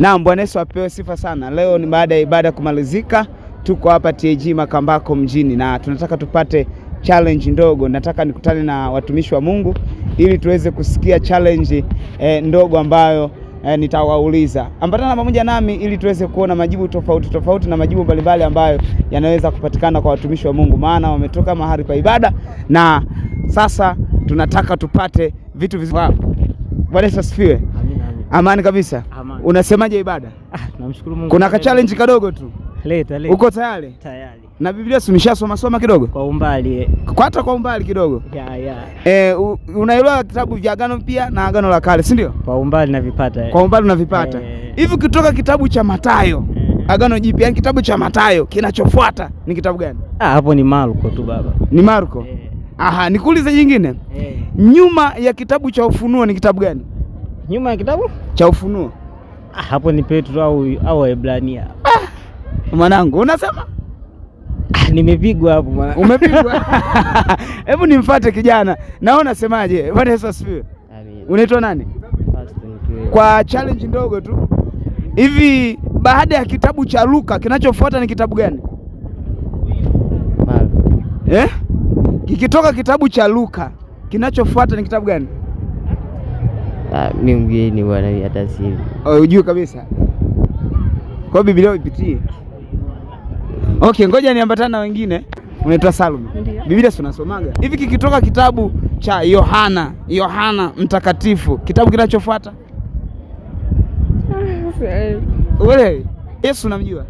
Naam, Bwana Yesu apewe sifa sana. Leo ni baada ya ibada kumalizika, tuko hapa TAG Makambako mjini na tunataka tupate challenge ndogo. Nataka nikutane na watumishi wa Mungu ili tuweze kusikia challenge eh, ndogo ambayo eh, nitawauliza. Ambatana pamoja nami ili tuweze kuona majibu tofauti tofauti na majibu mbalimbali ambayo yanaweza kupatikana kwa watumishi wa Mungu, maana wametoka mahali pa ibada na sasa tunataka tupate vitu vizuri. Bwana Yesu asifiwe. Amani kabisa. Unasemaje ibada? Ah, namshukuru Mungu. Kuna ka challenge kadogo tu. Leta leta. Uko tayari? Tayari. Na Biblia umeshasoma soma kidogo? Kwa umbali. Kwa hata kwa umbali kidogo. Ya ya. Eh, unaelewa kitabu cha Agano pia na Agano la Kale, si ndio? Kwa umbali navipata. Kwa umbali unavipata. Eh, eh. Hivi kutoka kitabu cha Mathayo, eh, Agano Jipya, yani kitabu cha Mathayo kinachofuata ni kitabu gani? Ah, hapo ni Marko tu baba. Ni Marko. E. Aha, nikuulize jingine. E. Nyuma ya kitabu cha Ufunuo ni kitabu gani? Nyuma ya kitabu cha Ufunuo hapo ni Petro au au Ebrania. Ah, mwanangu unasema ah, nimepigwa hapo mwanangu. Umepigwa? hebu nimfuate kijana, naona semaje. Bwana Yesu asifiwe. Unaitwa nani? Kwa challenge ndogo tu hivi, baada ya kitabu cha Luka kinachofuata ni kitabu gani eh? Kikitoka kitabu cha Luka kinachofuata ni kitabu gani? Ah, mi mgeni bwana, hata si oh, hujui kabisa. Kwa Biblia ipitie. Okay, ngoja niambatana na wengine. Unaitwa Salome. Biblia si unasomaga hivi? Kikitoka kitabu cha Yohana, Yohana Mtakatifu, kitabu kinachofuata wewe Yesu namjua,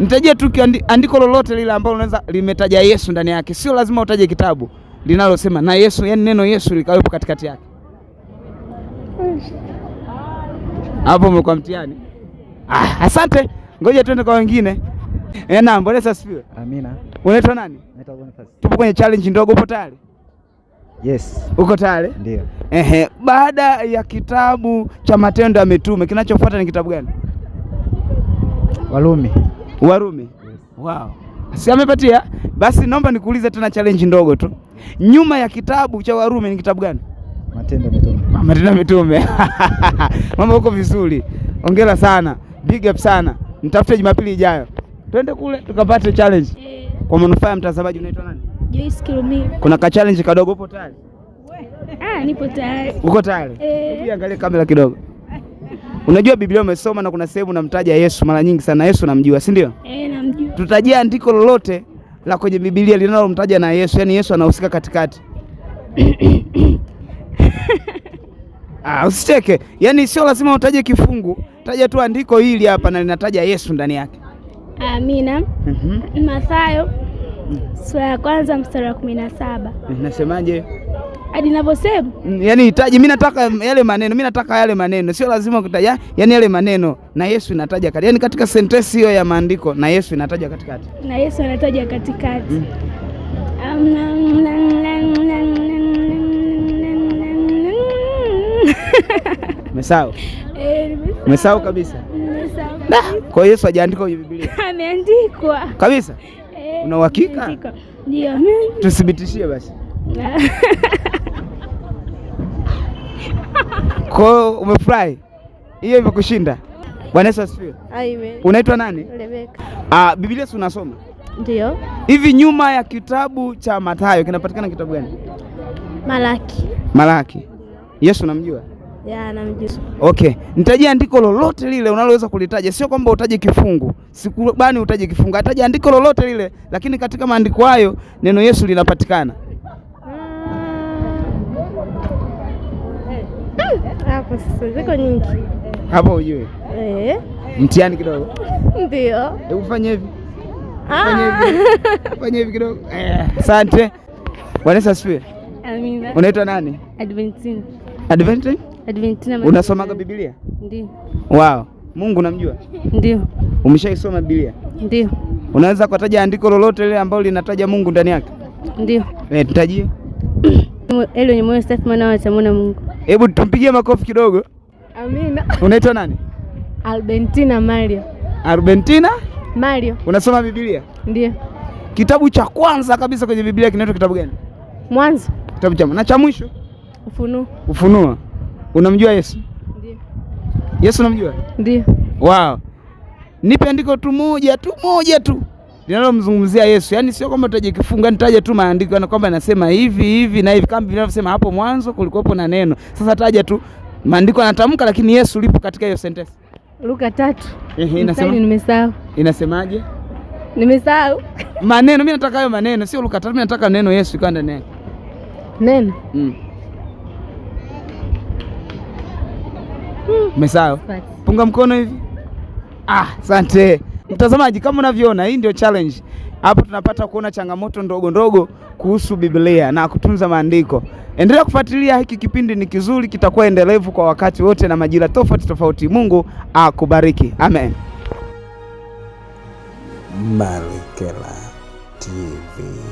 nitajia tu andiko lolote lile ambalo unaweza limetaja Yesu ndani yake, sio lazima utaje kitabu linalosema na Yesu, yani neno Yesu likawepo katikati yake hapo umekuwa mtihani. Ah, asante, ngoja tuende kwa wengine. Eh, naam, Bwana asifiwe. Amina. Unaitwa nani? Naitwa Boniface. Tupo kwenye challenge ndogo, upo tayari? Yes. Uko tayari? Ndio. Ehe, baada ya kitabu cha Matendo ya Mitume kinachofuata ni kitabu gani? Warumi. Warumi. Yes. Wow. Si amepatia? Basi naomba nikuulize tena challenge ndogo tu. Nyuma ya kitabu cha Warumi ni kitabu gani? Matendo Mitume, Matendo Mitume. Mama uko vizuri, ongera sana, big up sana. Mtafute Jumapili ijayo twende kule tukapate challenge eh. kwa manufaa ya mtazamaji. Unaitwa nani? Joyce Kilumi. Kuna ka challenge kadogo, upo tayari? Ah, nipo tayari. Uko tayari? Eh. Angalia kamera kidogo. Unajua Biblia umesoma na kuna sehemu namtaja Yesu mara nyingi sana. Yesu namjua, si ndio? Eh, namjua. Tutajia andiko lolote la kwenye Biblia linalomtaja na Yesu, yaani Yesu anahusika katikati Ah, usicheke. Yaani sio lazima utaje kifungu, taja tu andiko hili hapa na linataja Yesu ndani yake. Amina. mm -hmm. Mathayo sura ya kwanza mstari wa kumi na saba mm, nasemaje? hadi ninavyosema, mm, yaani itaji, mimi nataka yale maneno, mimi nataka yale maneno, sio lazima kutaja, yaani yale maneno na Yesu inataja kati, yaani katika sentensi hiyo ya maandiko na Yesu inataja katikati, na Yesu anataja katikati mm. um, um, um, um, um, um. Umesahau? Eh, umesahau kabisa. Kwa hiyo Yesu hajaandika kwenye Biblia. Ameandikwa kabisa. Eh, Una uhakika? Ndio. Tuthibitishie basi. Kwa hiyo umefurahi, hiyo imekushinda. Bwana Yesu asifiwe. Amen. Unaitwa nani? Rebeka. Ah, Biblia si unasoma? Ndio. Hivi nyuma ya kitabu cha Mathayo kinapatikana kitabu gani? Malaki. Malaki. Yesu unamjua? ya namjua. Okay, nitajia andiko lolote lile unaloweza kulitaja, sio kwamba utaje kifungu, sikubani utaje kifungu, ataje andiko lolote lile, lakini katika maandiko hayo neno Yesu linapatikana. Ah, eh, hapo sasa ziko nyingi hapo, ujue eh, mtihani kidogo. Ndio, hebu fanye hivi, ah. Fanye hivi kidogo. Eh, asante. Bwana asifiwe. Amina. Unaitwa nani? Adventine. Adventine? Unasomaga Biblia? Ndio. Wow. Mungu unamjua? Ndio. Umeshaisoma Biblia? Ndio. Unaweza kutaja andiko lolote lile ambalo linataja Mungu ndani yake? Ndio. Eh, tutajie. Elio ni moyo safi maana watamwona Mungu. Hebu tumpigie makofi kidogo. Amina. Unaitwa nani? Albertina Mario. Albertina? Mario. Unasoma Biblia? Ndio. Kitabu cha kwanza kabisa kwenye Biblia kinaitwa kitabu gani? Mwanzo. Kitabu cha na cha mwisho? Ufunuo. Ufunuo. Unamjua Yesu? Ndiyo. Yesu unamjua? Ndiyo. Wow. Nipe andiko tu moja tu moja tu linalomzungumzia Yesu, yaani sio kwamba kifunga, nitaje tu maandiko na yaani kwamba nasema hivi hivi na hivi, kama vinavyosema hapo mwanzo kulikuwepo na neno. Sasa taja tu maandiko anatamka, lakini Yesu lipo katika hiyo sentensi. Luka tatu. Ehe, inasema nimesahau. Inasemaje? Nimesahau maneno. Mimi nataka hayo maneno, sio Luka tatu. Mimi nataka neno Yesu ikawa ndani yake neno mm. Umesawa? Punga mkono hivi. Ah, asante. Mtazamaji, kama unavyoona, hii ndio challenge. Hapo tunapata kuona changamoto ndogo ndogo kuhusu Biblia na kutunza maandiko. Endelea kufuatilia hiki kipindi, ni kizuri, kitakuwa endelevu kwa wakati wote na majira tofauti tofauti. Mungu akubariki. Amen. Marekela TV.